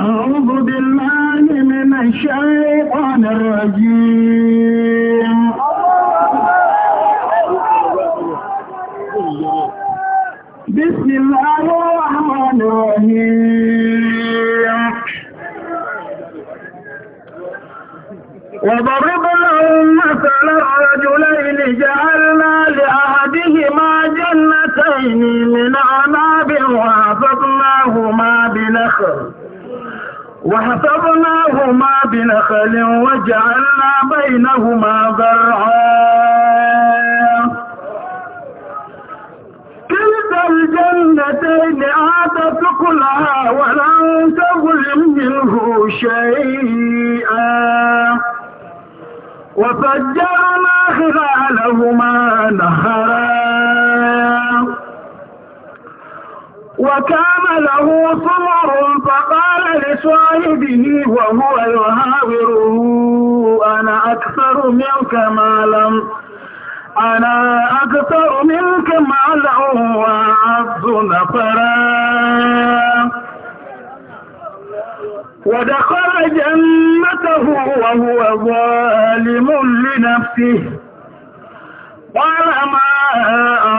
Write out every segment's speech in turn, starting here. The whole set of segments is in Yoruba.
أعوذ بالله من الشيطان الرجيم بسم الله الرحمن الرحيم وضرب لهم مثل رجلين جعلنا لأحدهما جنتين من عناب وحفظناهما بنخل وحفظناهما بنخل وجعلنا بينهما ذرعا كلتا الجنتين آتت كلها ولم تظلم منه شيئا وفجرنا خلالهما نهرا وكان له صمر فقال لصاحبه وهو يهاوره أنا أكثر منك مالا أنا أكثر منك مالا وأعز نفرا ودخل جنته وهو ظالم لنفسه قال ما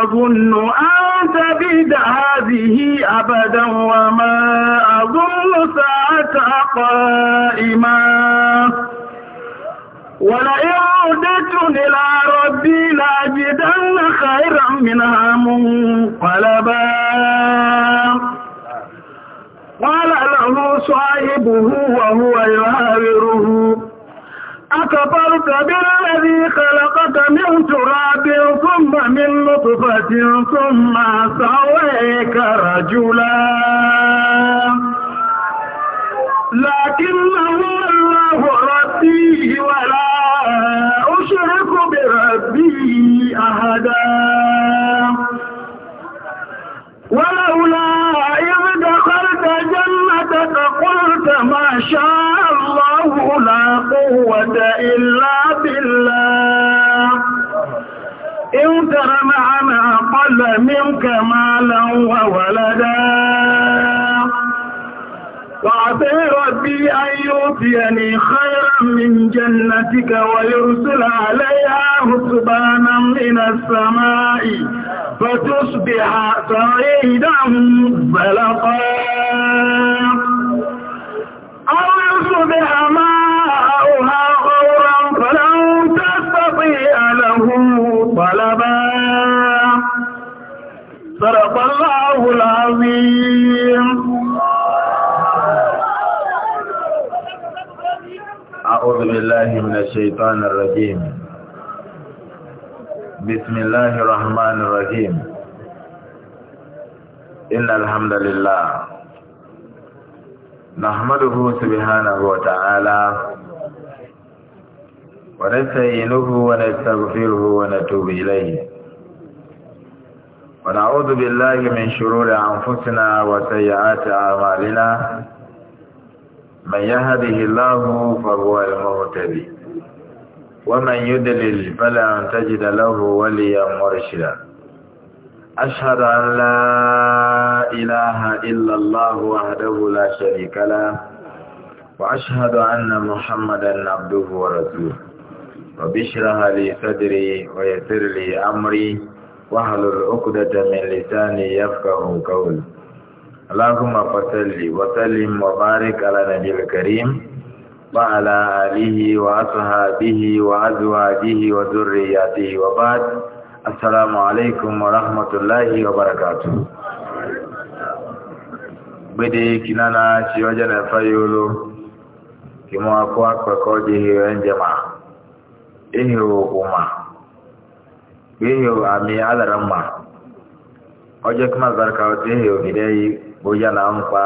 أظن أن تبيد هذه أبدا وما أظن ساعة قائما ولئن ردت إلى ربي لأجدن خيرا منها منقلبا قال له صاحبه وهو يهاوره أكفرت بالذي خلقك من تراب ثم من نطفة ثم سويك رجلا لكنه الله ربي ولا أشرك بربي أحدا شاء الله لا قوة إلا بالله إن ترى معنا أقل منك مالا وولدا وعطي ربي أن يؤتيني خيرا من جنتك ويرسل عليها رسبانا من السماء فتصبح سعيدا زلقا تبع ماؤها غورا فلن تستطيع له طلبا صدق الله العظيم أعوذ بالله من الشيطان الرجيم بسم الله الرحمن الرحيم إن الحمد لله نحمده سبحانه وتعالى ونستعينه ونستغفره ونتوب إليه ونعوذ بالله من شرور أنفسنا وسيئات أعمالنا من يهده الله فهو المهتدي ومن يدلل فلا تجد له وليا مرشدا أشهد أن لا إله إلا الله وحده لا شريك له وأشهد أن محمدا عبده ورسوله وبشرها لي صدري ويسر لي أمري وأهل العقدة من لساني يفقه قولي اللهم فصل وسلم وبارك على نبي الكريم وعلى آله وأصحابه وأزواجه وذرياته وبعد Assalamu alaikum wa rahmatullahi wa barakatu. Gbede kinana ci wajen alfayolo, ki mu akwa kwakwa jihiyoyin jama'a, ihiyo kuma, ihiyo ma, oje kuma zarka wata ihiyo gidai ojana nkwa,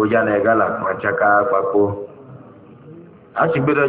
ojana igala kwachaka kwakwo. A na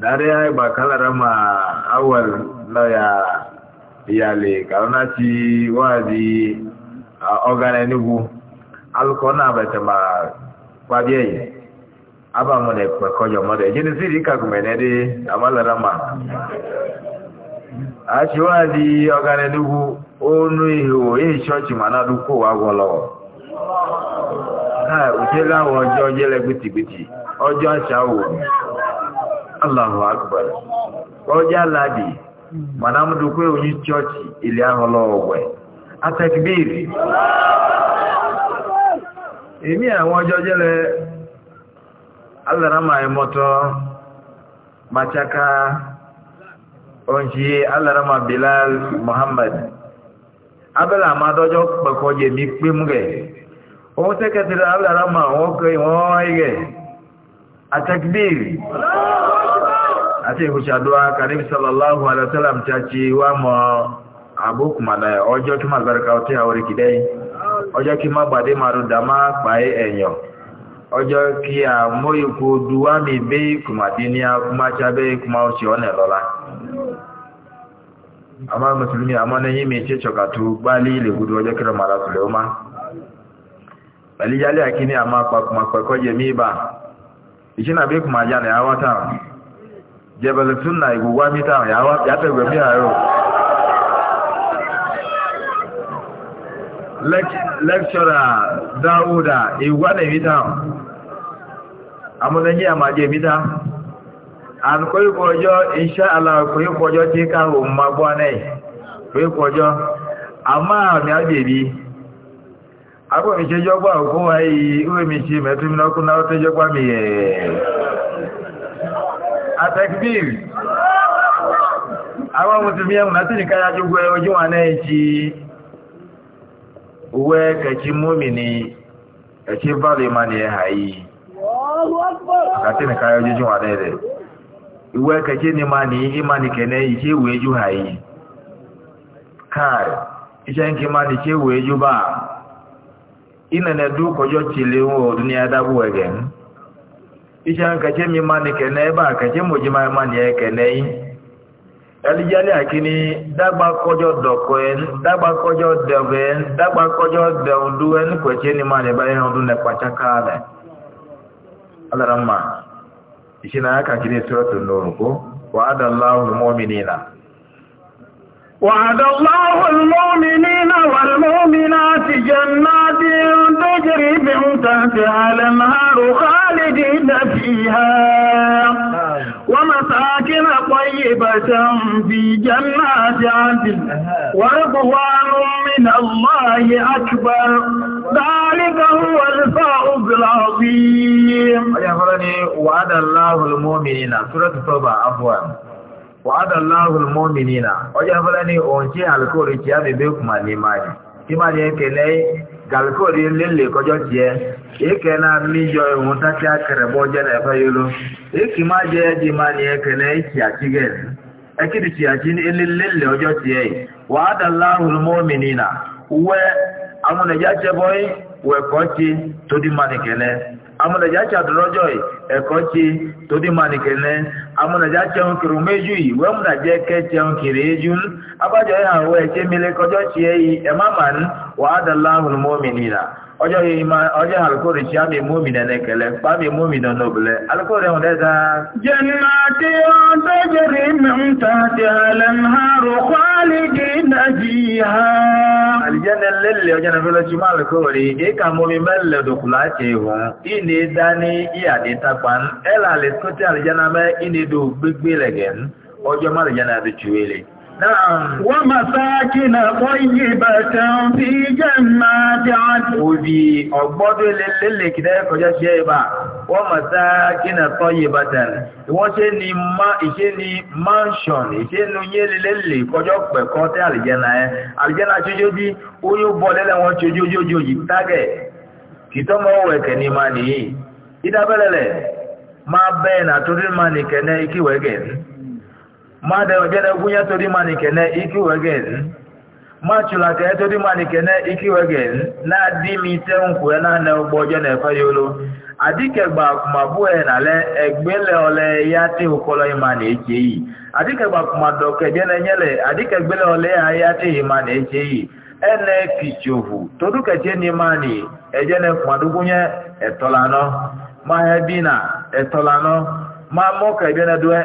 dare ya ba kalara ma awal na ya iyale karona ci wazi a ogana enugu alukona bata ma kwabi eyi aba mu na kwakọjọ mọdụ ejini siri kakumene dị amalara ma a ci wazi ogana enugu onu ihu ihe chọọchị ma na dukwu agwọlọ ha jele ọjọọ Ala ọha kwụrụ Oji ala dị mana mdụkwe onye choọchị ilé ahụ lọ ọgwụ ehu Atekbeere Emi a na-anwụ ọjọọ jere Alarama Emoto Machaka Ojiie Alarama Belal Muhammad Abela Ahmad Ojo kpọkọọ gị emi kpịm gị Oweeketere Alarama Nwoke Iwe Ọha Ige Atekbeere ati kuchadua karibu sallallahu alaihi wasallam chachi wa mo abuk mana ojo ki malbarka oti awri kidai ojo ki ma bade maru dama pae enyo ojo ki a moyu ku duwa mi be kuma dinia kuma chabe kuma ochi one lola ama muslimi ama ne yimi che chokatu bali le gudu ojo kira mara tuleuma bali yale akini ama kwa kuma kwa koje miba ichina be kuma jana awata jẹbẹlẹ tún náà ìgbògbá mítà àwọn yàtẹ̀gbẹ̀ mí àárọ̀ lẹ́kṣọ́rà dáúdà ìgbògbá náà mítà àwọn amúnẹ́yìn àmàjẹ mítà àkóyíkọjọ́ iṣẹ́ alákóyíkọjọ́ tí káàrò magbọ́ náà kóyíkọjọ́ àmà àmì àjèbí mi na otu mi àtẹ́kìbìrì àwọn mùsùlùmí ẹ̀mù láti nìkan yájú gbé ojú wọn náà ekechi uwe kẹ̀kí múmi ni ẹ̀kí bàbí ma ni ẹ̀hà yìí láti nìkan yájú ojú wọn uwe kẹ̀kí ni ma ni ìmá ni kẹ̀nẹ́ ishan kace mi mani kene ba kace mo ji mai mani e yi elijali akini dagba kojo doko en dagba kojo debe en dagba kojo deundu en kwece ni mani ba en odun ne pachaka ale alarama ishina aka kire suratul nur ko wa'ada allahul mu'minina وعد الله المؤمنين والمؤمنات تجري من تحتها الانهار خالدين فيها ومساكن طيبة في جنات عدن ورضوان من الله أكبر ذلك هو الفوز العظيم وعد الله المؤمنين سورة التوبة عفوا وعد الله المؤمنين وجعل فلاني أنشي على كل شيء بكم الإيمان كما يكلي kalifori lele kọjọ tiẹ eke na mmijọ ihu tati akere bụ ọjọ na-efe yolo eki ma je eji ma ni ekene ichi achige ekiri chi achi lele ọjọ wa adala todi mmadụ amụnaja chadụrọjọ ekochi todimanikene amụnaja chenkiri umejuyi wee mụnaja eke chenkiri eju abajọ ya wee chemile kọjọ chie yi emaman wa adalahul mominina ọjọ́ yìí ma ọjọ́ alukóri tí a mi mú mi nẹ̀nẹ̀ kẹlẹ̀ pa mi mú mi nọ̀nà òbílẹ̀ alukóri ẹ̀hùn dẹ́ta. jẹ́nà tí ó tẹ́jẹ̀rì mẹ́ta ti alẹ́nhàrò kwálí kì í dájì ha. àlìjẹ́nà lẹ́lẹ̀ ọjọ́ náà fẹ́lẹ́ tí mo alukóri kì í mú mi mẹ́lẹ̀ dùkùlá ti hùn ìní dání ìyàdí tapan ẹ̀là alẹ́kùtì àlìjẹ́nà mẹ́ ìní dùn gbégbé lẹ̀gẹ̀ ọjọ́ má alìjẹ́nà ti tù ومساكن طيبة في جنات عدن ودي أقبض للي كده كجا شيبا ومساكن طيبة وشي ني ما إشي ني mansion ìṣe nu yé lélẹ̀ kọjọ́ pẹ̀kọ́ tẹ́ àlìjẹ́nà ẹ àlìjẹ́nà ṣojú bí oyún bọ̀ lẹ́lẹ̀ wọn ṣojú ojú yìí tágẹ̀ kìtọ́mọ́ wẹ̀kẹ̀ ni máa nìyí ìdábẹ́lẹ̀lẹ̀ máa bẹ́ẹ̀ nà tó dín máa nìkẹ́ ní ikíwẹ̀gẹ̀ ní. mmadụ ojere egwu ya toro ịma n'ikene ike iwe ga machụla ka etoro ịma n'ikene ike iwe na-adị m ite nkwụ ya naanị ụgbọ ọjọọ na-efe ya olu adịkegba akụmabụọ ya le egbele ole ya tị ụkọlọ ịma na eche iyi adịkegba na-enyele adịkegbele ole ya ya tị e ịma na eche iyi ene pichovu todu keche eje na etolanọ ma hebina etolanọ ma mụ na-edue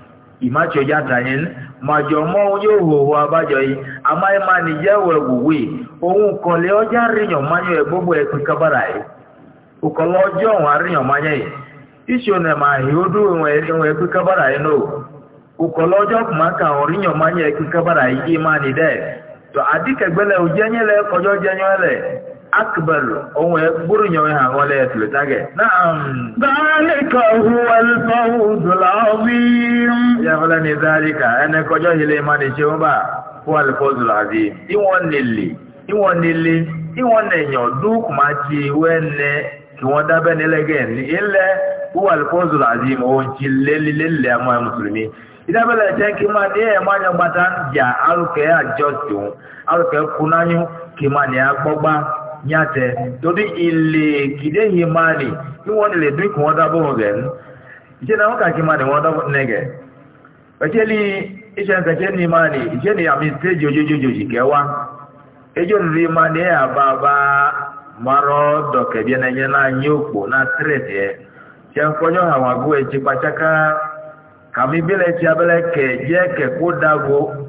ìmájọjá tàyẹn màjọmọ yóò hòhò abájọ yìí amáyémánijẹwò ẹwùwé òun kọlẹ ọjà àríyàn máyọ ẹ gbogbo ẹpin kábàrà yìí òkọlọ ọjọ ọhún àríyàn máyọ yìí tíṣù nà máa hì ó dúró ìwọn kábàrà yìí náà òkọlọ ọjọ kà kábàrà yìí máa nìdẹ tó àdìkẹgbẹlẹ òjẹnyẹlẹ kọjọ jẹnyẹlẹ أكبر هو يكبر يومها ولا نعم ذلك lẹ́ni záríkà ẹni kọjọ́ ilé ìmọ̀ni ṣe ń bà fún alifọ́sù làbí ìwọ̀n nílé ìwọ̀n nílé ìwọ̀n nìyàn dúkù máa ti wẹ́ẹ̀nẹ́ kí wọ́n dábẹ́ nílẹ́gẹ̀ ilẹ̀ fún alifọ́sù làbí òun ti lélẹ́lẹ́ àmọ́ mùsùlùmí ìdábẹ́lẹ̀ jẹ́ kí máa ní ẹ̀ máa yan gbàtà ń jà alùkẹ́ àjọ tòun alùkẹ́ kunáyú kí máa ní kẹ̀kẹ́lì iṣẹ́ kẹ̀kẹ́ ní máa ní iṣẹ́ ní àmì stéjì ojojojoji kẹwa ejò rí máa ní ya marọ́ dọ̀kẹ̀bí ẹnẹ́yẹ náà ní òpó náà tírẹ̀tì ẹ̀ ṣe ń kọjọ́ àwọn àgbo ẹ̀jì pàṣáká kàmí bílẹ̀ tí abẹ́lẹ̀ kẹ̀ jẹ́ kẹ̀ kó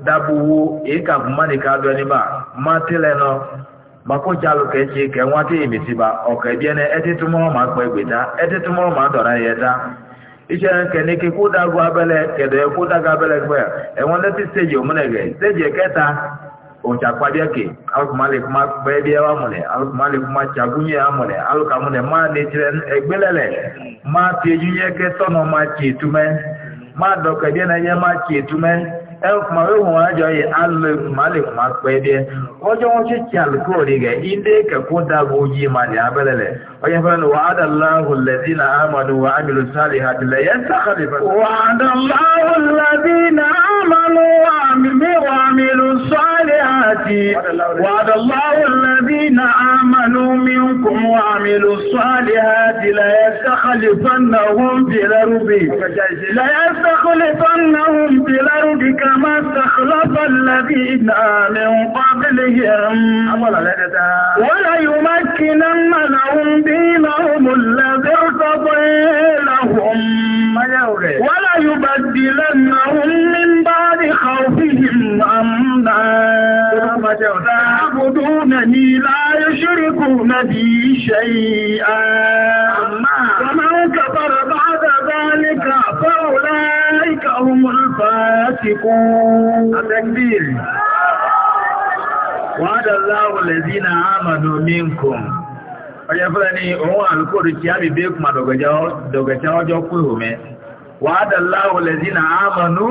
dábòwò èyíkà fún má má nọ ṣe kẹ̀ wọ́n ẹ iṣẹ́ kẹ̀nìkì kó dago abẹ́lẹ̀ kẹ̀dẹ̀ kó dago abẹ́lẹ̀ gbẹ́ ẹ̀wọ̀n lẹ́tí stéjì òmùnẹ̀gẹ̀ stéjì kẹta òǹtsà kpadìẹ́kì alùpùpù kuma bẹ́ẹ̀ bí ẹ wà mọ̀lẹ̀ alùpùpù kuma tsagunye egbelele mọ̀lẹ̀ alùkà mọ̀lẹ̀ má netsirẹ ẹgbẹ́lẹ̀lẹ̀ má fìyẹ́dúnyẹ kẹ tọ́nà má tsi etumẹ́ má dọ̀kẹ́díẹ́ nàyẹ ma tsi etumẹ́ ẹkùnmá wíwù wọn adzɔ yi alò ẹkùnmá lè kùnmá kpẹ́ tsi tsi ويفعل وعد الله الذين آمنوا وعملوا الصالحات لا يستخلف وعد الله الذين آمنوا وعملوا الصالحات وعد الله الذين آمنوا منكم وعملوا الصالحات لا يستخلفنهم في الأرض لا يستخلفنهم في الأرض كما استخلف الذين من قبلهم ولا يمكنن لهم دينهم الذي ارتضي لهم وليبدلنهم من بعد خوفهم أمنا يعبدونني لا يشركون بي شيئا ومن كفر بعد ذلك فأولئك هم الفاسقون وعد الله الذين آمنوا منكم onye fere ni òun àlùkòrò tí a bí bí kùmà dọ̀gẹ̀jẹ́ ọjọ́ kú ìhòmẹ́ wà á dàlá olèzí na àmọ̀nú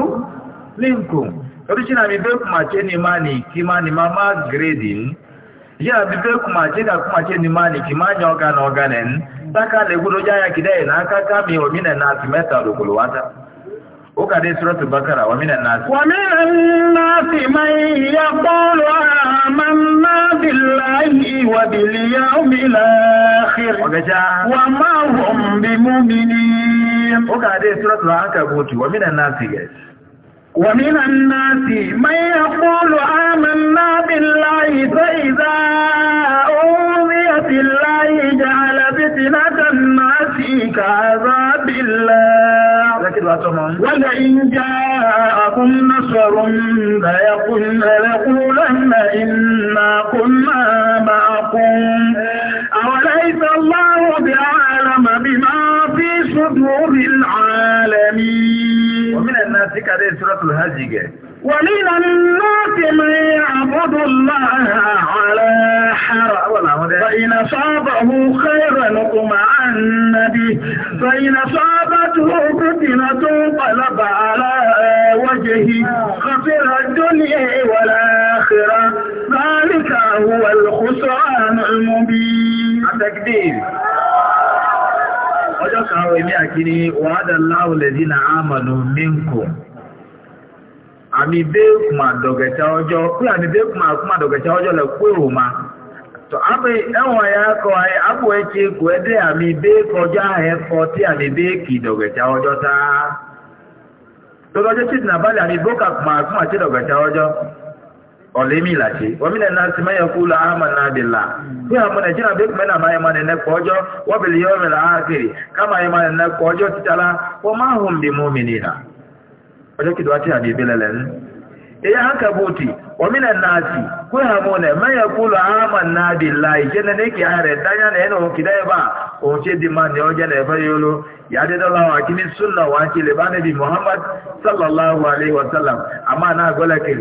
lincoln oríṣi na bí bí kùmà tí ni máa ní kí máa ní máa gírèdì yíya bí bí kùmà tí ka kùmà tí ni máa ní kí máa ní ọ̀gá na ọ̀gá nẹ̀ ń lè gbúdó jáyà kìdẹ́ ìnáká kámi òmìnà náà ti mẹ́ta òdòkòlò wáta ó kà dé suratul Baqara wa minan nas. wa minan nas man yaqulu amanna billahi wa bil yawmil akhir. ọ̀gẹ̀já. wa ma hum bi mu'minin. ó kà dé suratul Ankabut wa minan nas yẹ. wa minan nas man yaqulu amanna billahi fa idha uziya billahi ja'ala fitnatan nasi ka'adhabillah. ولئن جاءكم نصر لقولن إنا كنا معكم أوليس الله بعالم بما في صدور العالمين ومن الناس كذلك سورة الهجي ومن الناس من يعبد الله على حر فإن صابه خيرا عن به فإن صابه وجه فتنة انقلب على وجهه خسر الدنيا والآخرة ذلك هو الخسران المبين تكبير ọjọ́ kàwé ní àkíní wàádà láwùlẹ̀ dínà àmàlù mínkù àmì bẹ́ẹ̀kùmà dọ̀gẹ̀ta ọjọ́ pé àmì ọjọ́ máa to abe ẹwọn ya kọ ayé abo etí kò ẹdẹ àmì bẹ kọjá ẹfọ tí àmì bẹ kì dọgẹta ọjọ tá tọdọjọ títí nàbàlẹ àmì bókà kùmà kùmà tí dọgẹta ọjọ ọlẹmi làtí wọmílẹ náà mẹyẹ kú la ama náà di la bí àwọn nàìjíríà bẹ kùmẹ náà máa yẹ máa kọ ọjọ wọn bẹlẹ yẹ ọmọ náà àkèrè kọ ọjọ títà la wọn máa hùn ọjọ kìdọ̀ àti àmì obina nazi kwehana ebenye wa ụlọ aha na adila ijenneki aghara ed anya na ịnaoke n ebe a che dị ad ọjọ na ebe lu ya dịa akii suna waki adabi mhamma salalale hotela ana oleki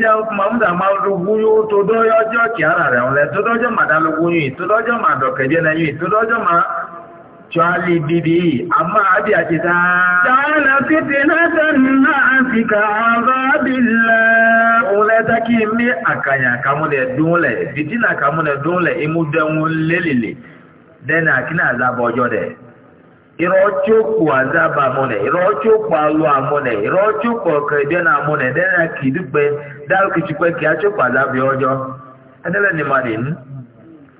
haladmuụị jọ kea rara le tụjọ ma daalụi t j ma dak e to Jọ́lì bìbì àmá àbí àjẹta. Jọ́lá fífì látàn náà fi ka àbábìlá. Ọlẹ́ta kí mí àkànyà kàmúnẹ̀ dúnlẹ̀, fìtínà kàmúnẹ̀ dúnlẹ̀, imúdẹ̀wọ̀n lélìlì, dẹ́nà àkínà àzábọ̀ ọjọ́ dẹ̀. Ìrọ̀chókù àzábà múnẹ̀, ìrọ̀chókù alú àmúnẹ̀, ìrọ̀chókù ọ̀kẹ́ ìdẹ́nà àmúnẹ̀, dẹ́nà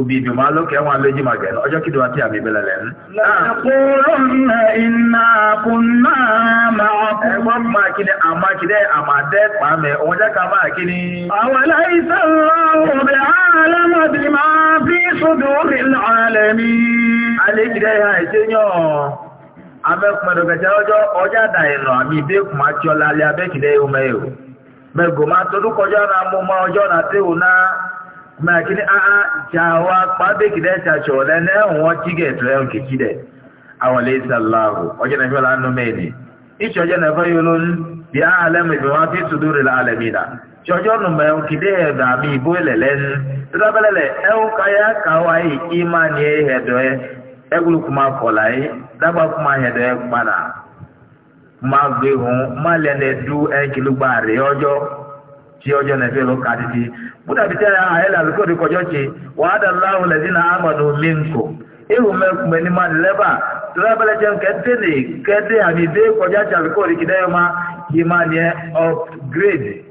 obi ìdùnmá lókè ẹwọn alójí màgẹ̀ ọjọ́ kìdù àti àmì ìbẹ̀lẹ̀ lẹ́nu. lọ́kùnrùn iná kùnà máa kú. maa máa kí ni àmà kí ni àmà dẹ́ pàmẹ́ òun jẹ́ ká máa kí ni. àwọn aláìsàn lọ́wọ́ bí alámọ̀bí máa fi sódò rí lọ́rẹ̀ mi. alẹ́ kìdẹ́ ya ẹ̀ṣẹ́ yàn amẹ́kùnmẹ́dọ̀kẹ̀tẹ̀ ọjọ́ ọjà dà ìnà àmì ìbẹ́kùn àti makini a'a jawa kpabe kide ta chole ne won tige tule on kikide awon le sallahu oje na jola na fayulun bi alam bi ma fi sudur al alamina jojo nu me kide da mi bo lelen rabalele e o kaya kawai imani e hedo e kuma dagba kuma hedo e na ma gbe hun ma le ne du en re na lo buda bitara ahela alukori kojoche wa adallahu alladhina amanu minkum ihu mekume ni maleba tulabele jem ketene kete amide kojoche alukori kidayoma imanie upgrade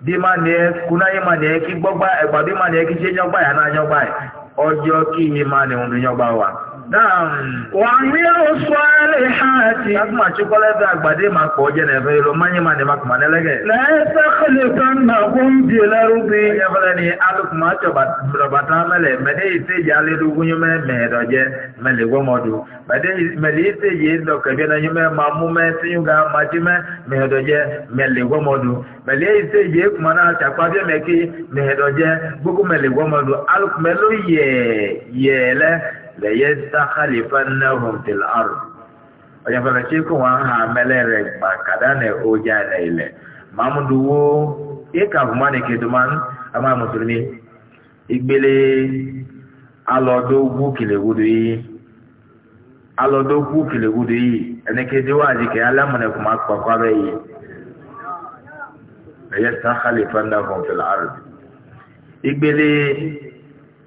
dimanie kuna imanie kigbogba egbadimanie kichenyogba ya na nyogba ọjọ́ kí imanie unu nyogba wa wàmírù sọ́ọ́lì ebe kákùmà chukọ́lẹ́ bẹ́ẹ̀ jẹ́ nẹ̀fẹ́ ìlú mányé máa ní kùmà nílẹ́gẹ̀. lẹ́sẹ̀ kìlì kan náà kún bí lẹ́rùbí. ni alùpùpù àti ọ̀bàtà mẹ́lẹ̀ mẹ́lẹ́ ìtẹ̀jẹ̀ alẹ́dógúnyún mẹ́ mẹ́ẹ̀dọ̀jẹ́ mẹ́lẹ̀ gbọ́mọdù mẹ́lẹ̀ ma ìdọ̀kẹ̀bíẹ́nayún mẹ́ máa mú mẹ́ síyúnga máa jí ليستخلفنهم في الأرض ọ̀yànfẹ̀lẹ̀ṣẹ́kù wọn ha mẹ́lẹ̀ rẹ̀ gbà kàdánà ọjà ilẹ̀ ilẹ̀ mahmudu wo kíkà fún wọn kí duman àmà mùsùlùmí ìgbélé alọ́dọ́gbù kìlẹ̀wùdù yìí alọ́dọ́gbù kìlẹ̀wùdù yìí ẹnikẹ́dẹ́ wà ní kẹ́ alámùnẹ̀kùn máa pàpà bẹ́ yìí ẹ̀yẹ sáhálì fẹ́ndà fún fìlà àrùn ìgbélé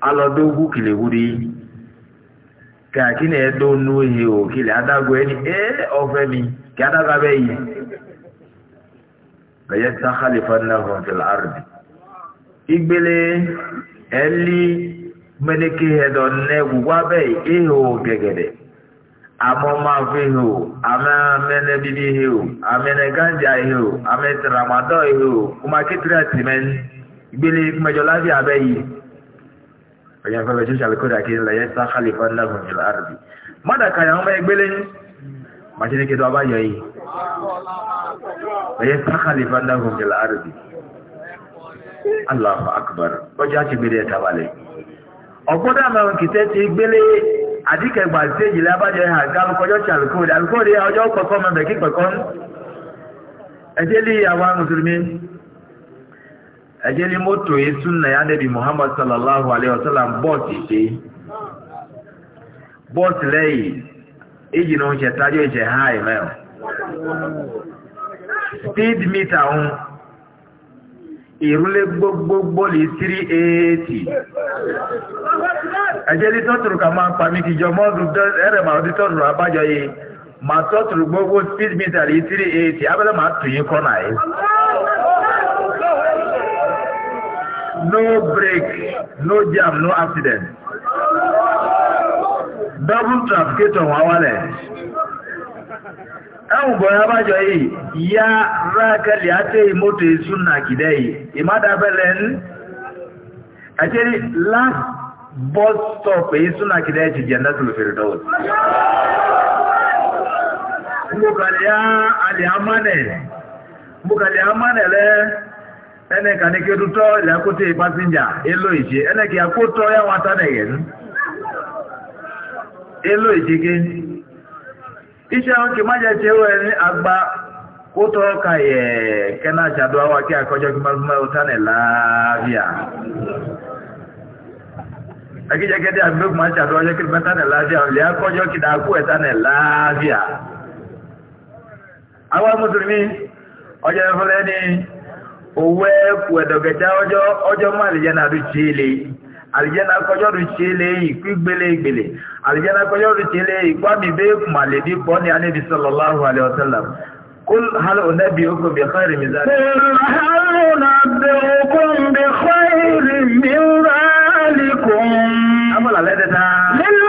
alọ́dọ́gbù kìlẹ̀wùdù yìí ka kí ni ẹ tó nu oyè o kí lè adágún ẹni ẹ ọfẹ mi kí adágún abẹ yìí bẹyẹ tí sáxàlìfà náà hàn fìlà àrùbí ìgbélé ẹlí mẹneke ẹdọ nẹ gbogbo abẹ ihe o gẹgẹdẹ amọ máa fi ihe o amẹ bíbí ihe o amẹnẹ gánjà ihe o amẹ tìramadọ ihe o kọmákítírà tìmẹ ìgbélé mẹjọ láti abẹ yìí ọ̀yàn fẹ́ lọ ṣíṣe àlùkọ́dà kí ńlẹ̀ yẹn sá kálífà ńláhùn ìlú àrùbí mọ́dà kan àwọn ọmọ ẹgbẹ́ lẹ́yìn màṣẹ́lẹ́kẹ́ tó abáyọ yìí ọ̀yẹ́ sá kálífà ńláhùn ìlú àrùbí Allahu akbar ọjọ́ àti gbélé ẹ̀ta balẹ̀ ọgbọ́dọ̀ àmàwọn kìtẹ́ ti gbélé àdìkẹgbà stéèjì lábàjọ ẹ̀ àgbàlùkọjọ́ ti àlùkọ́dà àlùkọ́dà ọjọ́ pẹ̀kọ́ mẹ́mẹ́ kí pẹ̀kọ́ ẹ̀jẹ̀ lé àwọn mùsùlùmí ajali moto ya sunna ya nabi muhammad sallallahu alaihi wasallam bọ́ọ̀sì ṣe bọ́ọ̀sì lẹ́yìn èyí ni ó ń ṣe tájú ìṣe ha ìmẹ́ọ̀ speed meter ń ìrúlé 380 ajali tọ́tùrù kà máa pa mí kìjọ mọ́ọ̀dù ma màá di tọ́tùrù abájọ yìí màá tọ́tùrù gbogbo speed meter 380 abẹ́lẹ́ màá tù yín kọ́nà yìí. no break, no jam, no accident. Double traffic trafficator wà wálẹ̀. Ẹ̀hùn bọ̀ ya bájọ yìí, ya rákẹlẹ̀ àti ìmótò ìsún nà kìdẹ̀ yìí, ìmádábẹ̀lẹ̀ ń. Àkírí last bus stop èyí sún nà kìdẹ̀ ti jẹ́ nẹ́tùlù fèrè dọ́wọ̀. Mbùkàlẹ̀ àmánẹ̀, mbùkàlẹ̀ àmánẹ̀ lẹ́ ẹnẹka ní kí o tutọ́ ìlàkútẹ́ pásíńjà èlò ìṣe ẹnẹkì àkótọ́ yàwọn atánẹ̀yẹ̀ ní èlò ìṣe ké iṣẹ́ àwọn kì má jẹ́ ṣe ó ẹni àgbà kótọ́ kàyẹ̀ kẹ́nà ṣàdó àwọn akẹ́ àkọ́jọ́ kí máa ó tánẹ̀ láàbíà akíjẹ́kẹ́dẹ́ àgbẹ̀ kò máa ṣàdó ọjọ́ kí máa tánẹ̀ láàbíà ọ̀lẹ́ akọ́jọ́ kí dàákú ẹ̀ tánẹ̀ láàbíà àwọn mùsùlùmí ọjọ́ ìfọlẹ́ ní owe ku edogecha ọjọ ọjọ mọ alijana du chile alijana kọjọ du chile ikú gbélé gbélé alijana kọjọ du chile ikú àmì bẹ́ẹ̀ kùmàlè bí pọ́ ní anabi sallallahu alayhi wa sallam kul hal onabi oko bi khayri mi zali. kul hal onabi oko bi khayri mi zali kun. abala lẹ́dẹ̀ta. lílẹ̀.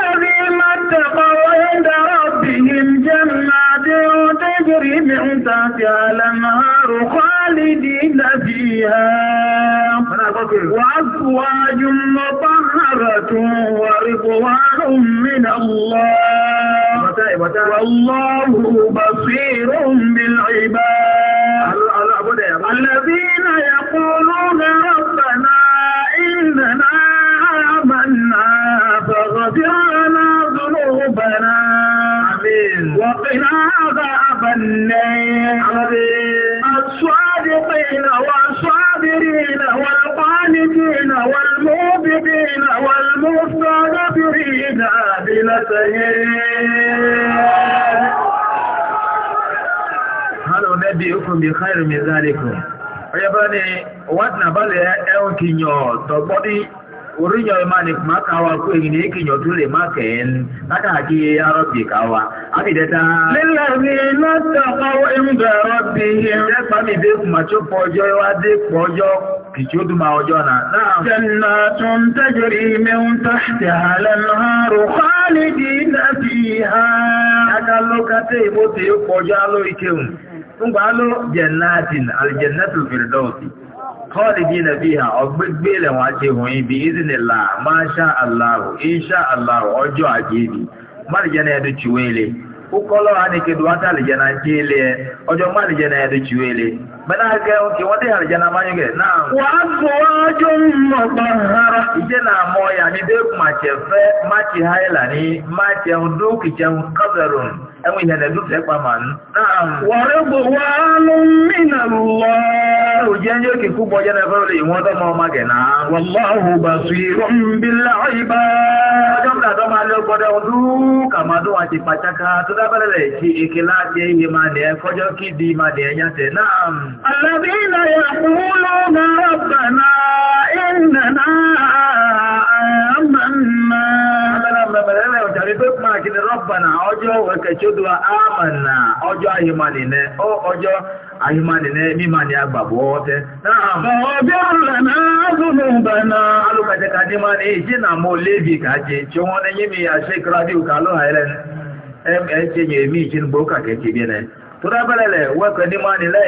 من تحتها الأنهار خالدين فيها وأزواج مطهرة ورضوان من الله والله بصير بالعباد الذي إلى عذاب النار الصادقين والصابرين والقانتين والموبدين والمستغفرين بلسهين هل أنبئكم بخير من ذلك Ọjọ́ bá ní wọ́n tí nà bá lẹ́ ẹ̀rùn kìíyàn tọ̀gbọ́dí urinyɔ ma ni kuma kan wa ko yin ne kinyo tun le ma kɛn kaka ki ye arabi ka wa abi de ta lillahi la taqaw inda rabbihim de pa mi de kuma cho pojo wa de pojo kìtì ó dùnmà ọjọ́ náà. Jẹ́nà tó ń tẹ́jọ́rí mẹ́un tàṣì àlẹ́nàárò kọ́lìdì náà fi ha. Aka ló kàtẹ́ ìbótẹ́ ìpọ̀jọ́ aló ìkéhùn. ló jẹ̀nà àtìn àlìjẹ̀nà tó fèrè dọ́ọ̀tì. khalidina fiha ha ilẹ̀ wọn ṣe hùn ibi ìdínlá masha Allahu insha Allahu ọjọ́ àjẹ́bí márìjẹ́nà ẹ̀dù tìwé ilé kúkọ́lọ́ àníkèdù àti àlìjẹ́nà jẹ́ ilé ọjọ́ márìjẹ́nà ẹ̀dù tìwé ilé òkè wọ́n dé náà. sọ ọjọ́ ẹ̀wọ̀n ìyẹ̀dẹ̀ ló fẹ́ pa màánú. wọ̀rẹ́gbò wà ló ń mìnà lọ. òjì ẹni yóò kì kú bọ́ jẹ́nà fẹ́rẹ́ lè wọ́n tọ́mọ ọmọ gẹ̀nà. wàláhù bá sí rọ́mbìlá ìbá. ọjọ́ ń dàtọ́ máa lé ọgbọ́dọ̀ ọdún kàmádó àti pàtàkà tó dábẹ́rẹ́ rẹ̀ ṣe èké láti iye máa nìyẹn kọjọ́ kí di máa nìyẹn yàtẹ̀ náà. àlàbí ìlà yà ribet mark ni rabbana ọjọ́ wẹ̀kẹ̀tsódò amana ọjọ́ ahimanine ọ ọjọ́ ahimanine na agbàgbọ́ ọtẹ. ọjọ́ lànà azùnúbànà. alùpàtẹ mọ lébi kàjé na wọn ní yín mi ka kíláàdì òkà ló hàyẹlẹ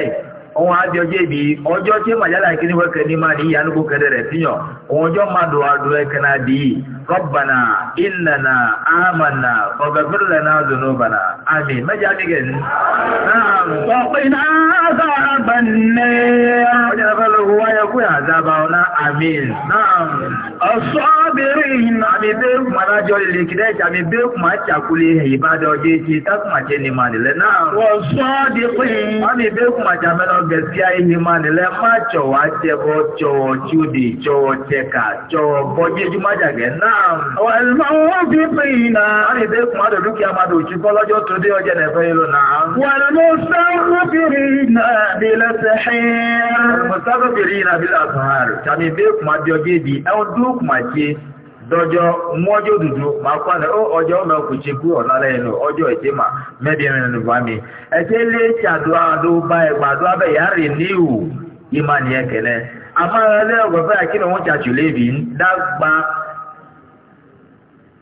ẹ òun àti ọjọ́ ìbí ọjọ́ tí màjálà kí ni wọ́n kẹ́ ní máa ní ìyá nígbò kẹ́dẹ̀ rẹ̀ fihàn òun ọjọ́ máa dùn àdùn ẹ̀kẹ́ náà di rọ́bànà ìlànà àmànà ọ̀gàfẹ́rẹ́lẹ́nà zùnúbànà àmì mẹ́jà nígẹ̀ ní. ọ̀pìnà àzàbànẹ́. ọjọ́ ìfẹ́ ló wáyé kú àzàbà ọ̀nà àmì náà. ọ̀sọ́bìnrin àmì bẹ́ẹ̀ kùmàdájọ́ lè kìdẹ́ ìjàmì bẹ́ẹ̀ kùmà chakule ìbádọ́jẹ́ ti gaskiya imani le ma cewa cebo cewa jude cewa ceka cewa boje jumaja ge naam wal mawdi bina ani de kuma da dukiya ma do ci kolojo to de oje ne fe lo naam wal mustaghfirina bil ashhar mustaghfirina bil ashar tami be kuma de oje di e o du kuma dọjọ mmụọ ọjọ dudu ma akwa na oh, ọjọ ụlọ kwuchekwu ọlala elu ọjọ ete ma mebiri bami adụ chado ado ba gbado abe ya ri n'iwu imani ekele amaghị ele ọgwọfe dagba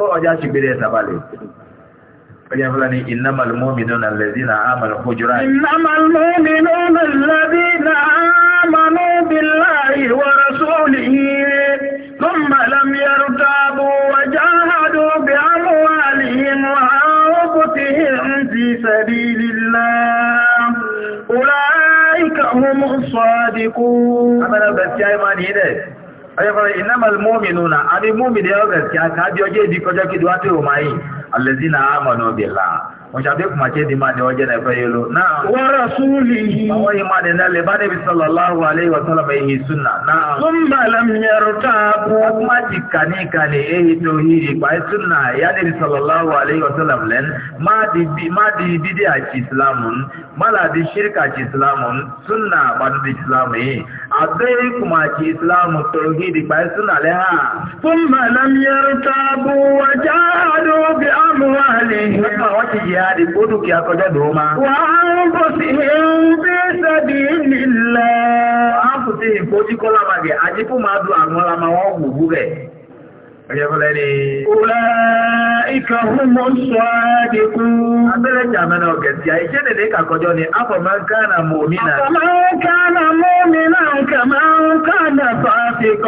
kọ́rọ̀ já ṣùgbé rẹ̀ sàbálẹ̀ Ọjọ́ fúlá ni innamal mu'minuna allazina amanu hujura. Innamal mu'minuna allazina amanu billahi wa rasulihi thumma lam yartabu wa jahadu bi amwalihim wa anfusihim fi sabilillah. Ulaika ọjọ́fọ́rọ̀ ìnámàlì múmìnú na àbí múmìnú ẹ̀rọ gẹ̀ẹ́sì àkàbí ọjọ́ ìdíkọjọ́ kí duwátì òmáyì alẹ́zínà àmọ̀nà ọ̀bẹ̀là Mọ̀ṣàdé kùmà ṣe di máa ní ọjọ́ náà fẹ́ yóò lò. Náà. Wa rasulihi. Àwọn yìí máa ní nẹ́lẹ̀ bá débi sallallahu alaihi wa sallam èyí súnà. Náà. Súnmà lẹ́mìíràn táàbù. Wọ́n máa ti kàní kàní èyí tó yí ìgbà súnà ìyá débi sallallahu alaihi wa sallam lẹ́n. Má di bídí àti ìsìlámù ń. Má làdí ṣírkà àti ìsìlámù ń. Súnà àbádúdí ìsìlámù yìí. jihadi dị dúkìá kọjọ́ dòó máa. wà á ń bọ̀ sí ẹ̀ǹdé sẹ́bi nílẹ̀. a kò sí ìkójú kọ́lá máa gẹ̀ àjíkú máa dùn àwọn ọlá máa ni. òlà ìkà fún mọ́ sọ àdínkù. abẹ́rẹ́ jà mẹ́rin na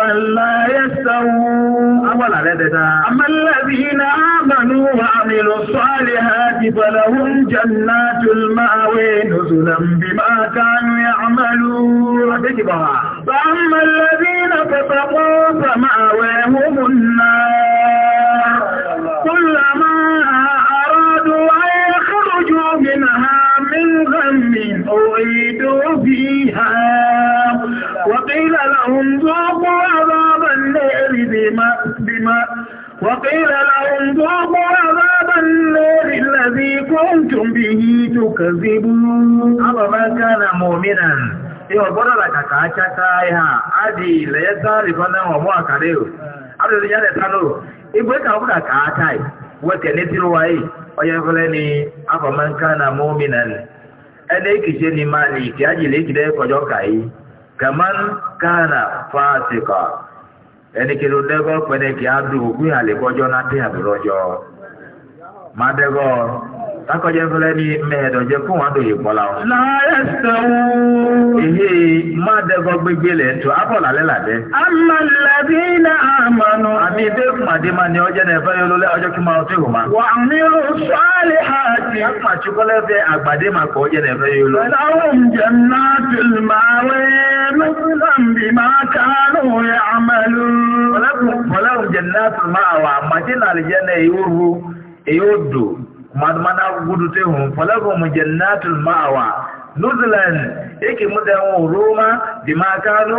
a iṣẹ́ na ولا لددا أما الذين آمنوا وعملوا الصالحات فلهم جنات المأوى نزلا بما كانوا يعملون فأما الذين فسقوا فمأواهم النار كلما أرادوا أن يخرجوا منها من غم أعيدوا فيها وقيل لهم ذوقوا بما وقيل لهم ذوقوا عذاب النار الذي ya adi تكذبون أفمن كان مؤمنا Iwọ̀ gbọ́dọ̀ làkàkà ákàkà ìhà ájì ilẹ̀ ẹ̀ta rìfọ́nà ọmọ àkàrẹ ò. Abúrúdú yẹ́ lẹ̀tánù, igbó ìkàwọ́ kàkà ákàì, wọ́n tẹ̀lé tí ó wáyé, ọyẹ́ fẹ́lẹ́ ni afọ̀mọ́nká na mọ́mìnà ẹni ìkìṣe ni máa ní ìkìájì lè kìdẹ́ kọjọ́ kàí, kàmán kánà fásitì ẹnikẹ́ni ọdẹ́gọ́ pẹ̀lẹ́kì adùn òkú àlèkọ́jọ́ náà tẹ́ àbúrọ́jọ́ madẹ́gọ́ takọ́jẹ́ fẹ́lẹ́ ní mẹ́ẹ̀dọ̀jẹ́ fún wọn àdòyè pọ́lá wọn. láyé sẹ́wọ́. èyí madẹ́gọ́ gbégbé lẹ̀ tó abọ́là lẹ́làdẹ́. amalabi na amanu. àmì ìdè kùmàdé máa ní náà fẹ́lẹ́ olólè ọjọ́ kí máa tó ìwòmá. wà á ní o sọ́ọ̀lì àti. àpàtúkọ́lẹ́fẹ́ àgbàdé máa kọ́ ọjọ́ náà fẹ́lẹ́ olólè. مثلا بما كانوا يعملون ọlọ́run jẹ̀lẹ́tù máa wà màjínà àlìjẹ́nà ìwòrò èyí ó dò mọ́dúnmọ́dá gúdú tí hùn ọlọ́run jẹ̀lẹ́tù máa wà nùdùlẹ̀ èkè múdẹ̀wọ̀n roma dìmákanú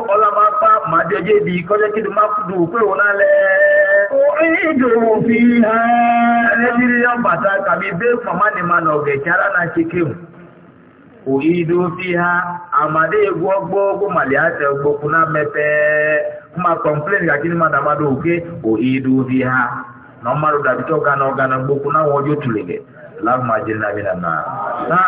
ọlámápá màdéjé bí kọjá kí ló má dùn ún pé òun lálẹ́. Oríjò fi hàn. Ẹlẹ́dìrí yọ bàtà tàbí bẹ́ẹ̀ màmá ni màá nà ọ̀gẹ̀ kí ara náà ṣe kéwù. Oríjò fi hàn àmàdé egwu kó màlẹ́ àtẹ náà mẹ́tẹ́. kàkí ni fi hàn. Nà náà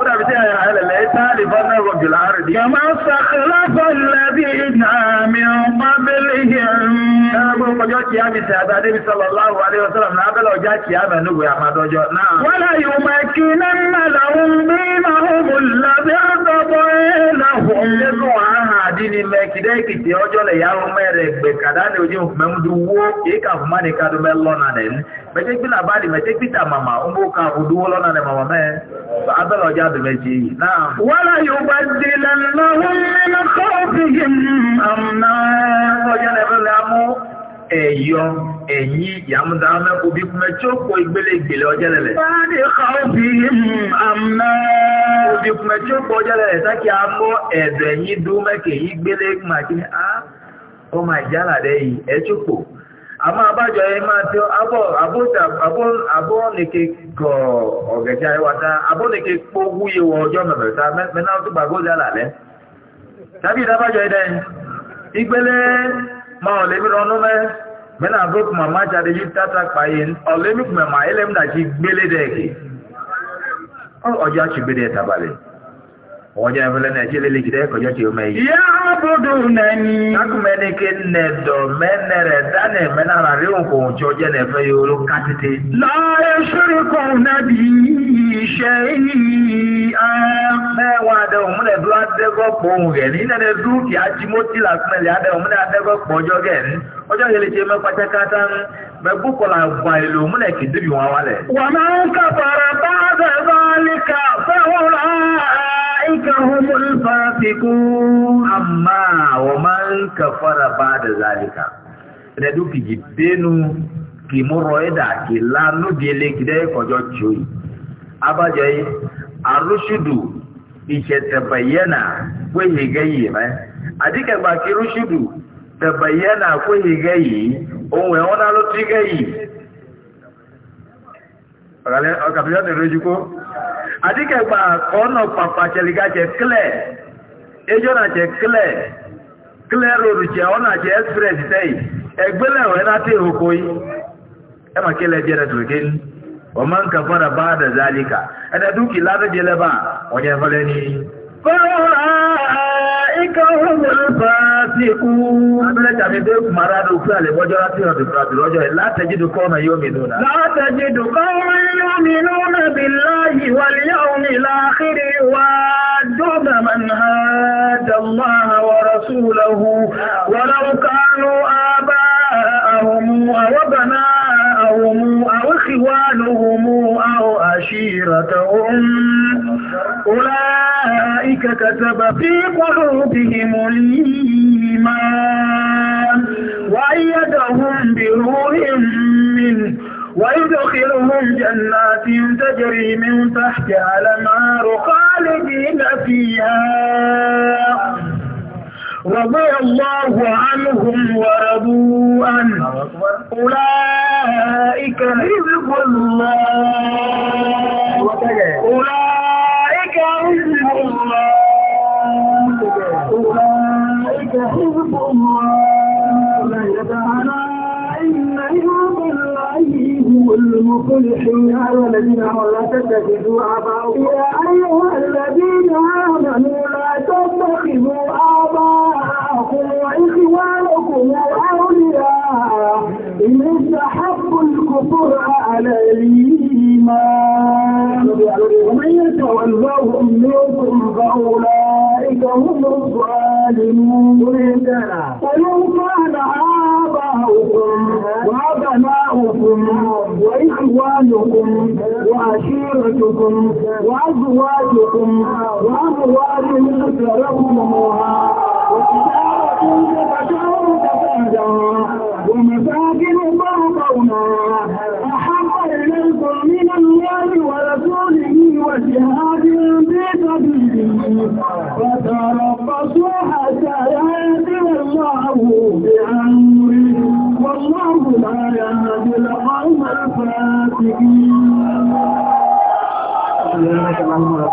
ó dàbí tí ẹ̀yà ẹlẹ̀lẹ̀ ìtàlì fọ́nà ọ̀gbọ̀n jùlọ àárẹ̀ dì. Yàmá sàkìlọ́fọ̀ lẹ́bí ìdààmì ọ̀pábílì yẹn. Ẹgbẹ́ ọkọ̀jọ́ kìí àmì tẹ̀ àdá débi sọ̀rọ̀ kideki ti ojo le yawo mere gbe kada ne ojo memdu wo e ka fuma ne ka do me lona ne me te gbina bali me te gbita ka odu wo lona ne mama me so abel ojo do me ji na wala yubaddilanahum min khawfihim amna ojo ne be amu ẹ̀yọ ẹ̀yìn ìyàmúdá mẹ́kòbí kúmẹ́ tí ó kó ìgbélé ìgbèlè ọjẹ́lẹ̀lẹ̀. Báàdì kàóbì àmà. Òbí kúmẹ́ tí ó kó ọjẹ́lẹ̀lẹ̀ sákì akọ́ ẹ̀dọ̀ ẹ̀yìn dúmẹ́kẹ̀ yìí gbélé màkíní á ọmọ ìjálàdẹ́ yìí ẹ̀ tí ó kò. Àmọ́ abájọ ẹ máa tí abọ́ abọ́nìke kọ̀ ọ̀gẹ̀kẹ́ àríwáta abọ́nìke pọ̀ wúye wọ ọjọ́ mẹ̀mẹ̀ta mẹ́ná tó gbàgbó jálàdẹ́. Tàbí ìdábájọ ẹ̀dẹ́ ìgbélé ma ọ̀lẹ́mí rọnú mẹ́ mẹ́nà àgọ́kù màmá jáde yí tátà pààyè ọ̀lẹ́mí kùmẹ̀ mà ẹlẹ́mí dàjí gbélé dẹ́ẹ̀kì ọjọ́ àṣìgbélé ẹ̀tàbàlẹ̀ ọjọ́ ẹ̀fẹ́lẹ́ náà ẹ̀jẹ̀ lélẹ̀ kìdẹ́ kọjọ́ tí ó mẹ́ yìí. yá bọ́dọ̀ nani. kákùmẹ́ni nẹ̀dọ̀ mẹ́nẹ̀rẹ̀ dánẹ̀ mẹ́nara rí òǹkò òjò jẹ́ nẹ̀fẹ́ yóò ló ká sórí kan mẹ́wàá adẹ́wọ̀n múlẹ̀ dúró adẹ́gọ́ pọ̀ ohun gẹ̀ ní nẹ́nẹ́ dúkì ajímọ́tì làkúnmẹ́lẹ̀ adẹ́wọ̀n múlẹ̀ adẹ́gọ́ pọ̀ ọjọ́ gẹ̀ ní ọjọ́ yẹn lè ṣe mẹ́ pátákátá ń mẹ́ gbà múlẹ̀ kì í débi wọn wálẹ̀. ń bá ike tabayyana kwahi gayi mai a dika baki rushudu tabayyana Ọ gayi onwe wọn alótí gayi ọkàbíyàn lè gba kọ́nà pàpà chẹlìgá chẹ kílẹ̀ ejò náà chẹ kílẹ̀ kílẹ̀ rọrù chẹ ọ́nà express tẹ́yì ẹgbẹ́lẹ̀ ọ̀rẹ́ náà tẹ́ ìhòkó yìí ẹ ومن كفر بعد ذلك أنا دوكي لا تجلبا ونفلني فأولئك هم الفاسقون أنا لك أمي دوك مراد وفعل وجرات وفرات الوجه لا تجد قوما يؤمنون لا تجد قوما يؤمنون بالله واليوم الآخر يوادون من هاد الله ورسوله ولو كانوا آباءهم أو أبناءهم أو إخوانهم أو أشيرتهم أولئك كتب في قلوبهم الإيمان وأيدهم بروح منه ويدخلهم جنات تجري من تحت الأنهار خالدين فيها رضي الله عنهم ورضوا عنه أولئك أولئك حزب الله أولئك حزب الله أولئك حزب الله لا يدعنا إن حزب الله هو المفلحين والذين لا تتخذوا آباءكم يا أيها الذين آمنوا لا تتخذوا أباؤكم وإخوانكم الكفر على الإيمان ومن يتولهم منكم فأولئك هم الظالمون ولو كان آباؤكم وأبناؤكم وإخوانكم وعشيرتكم وأزواجكم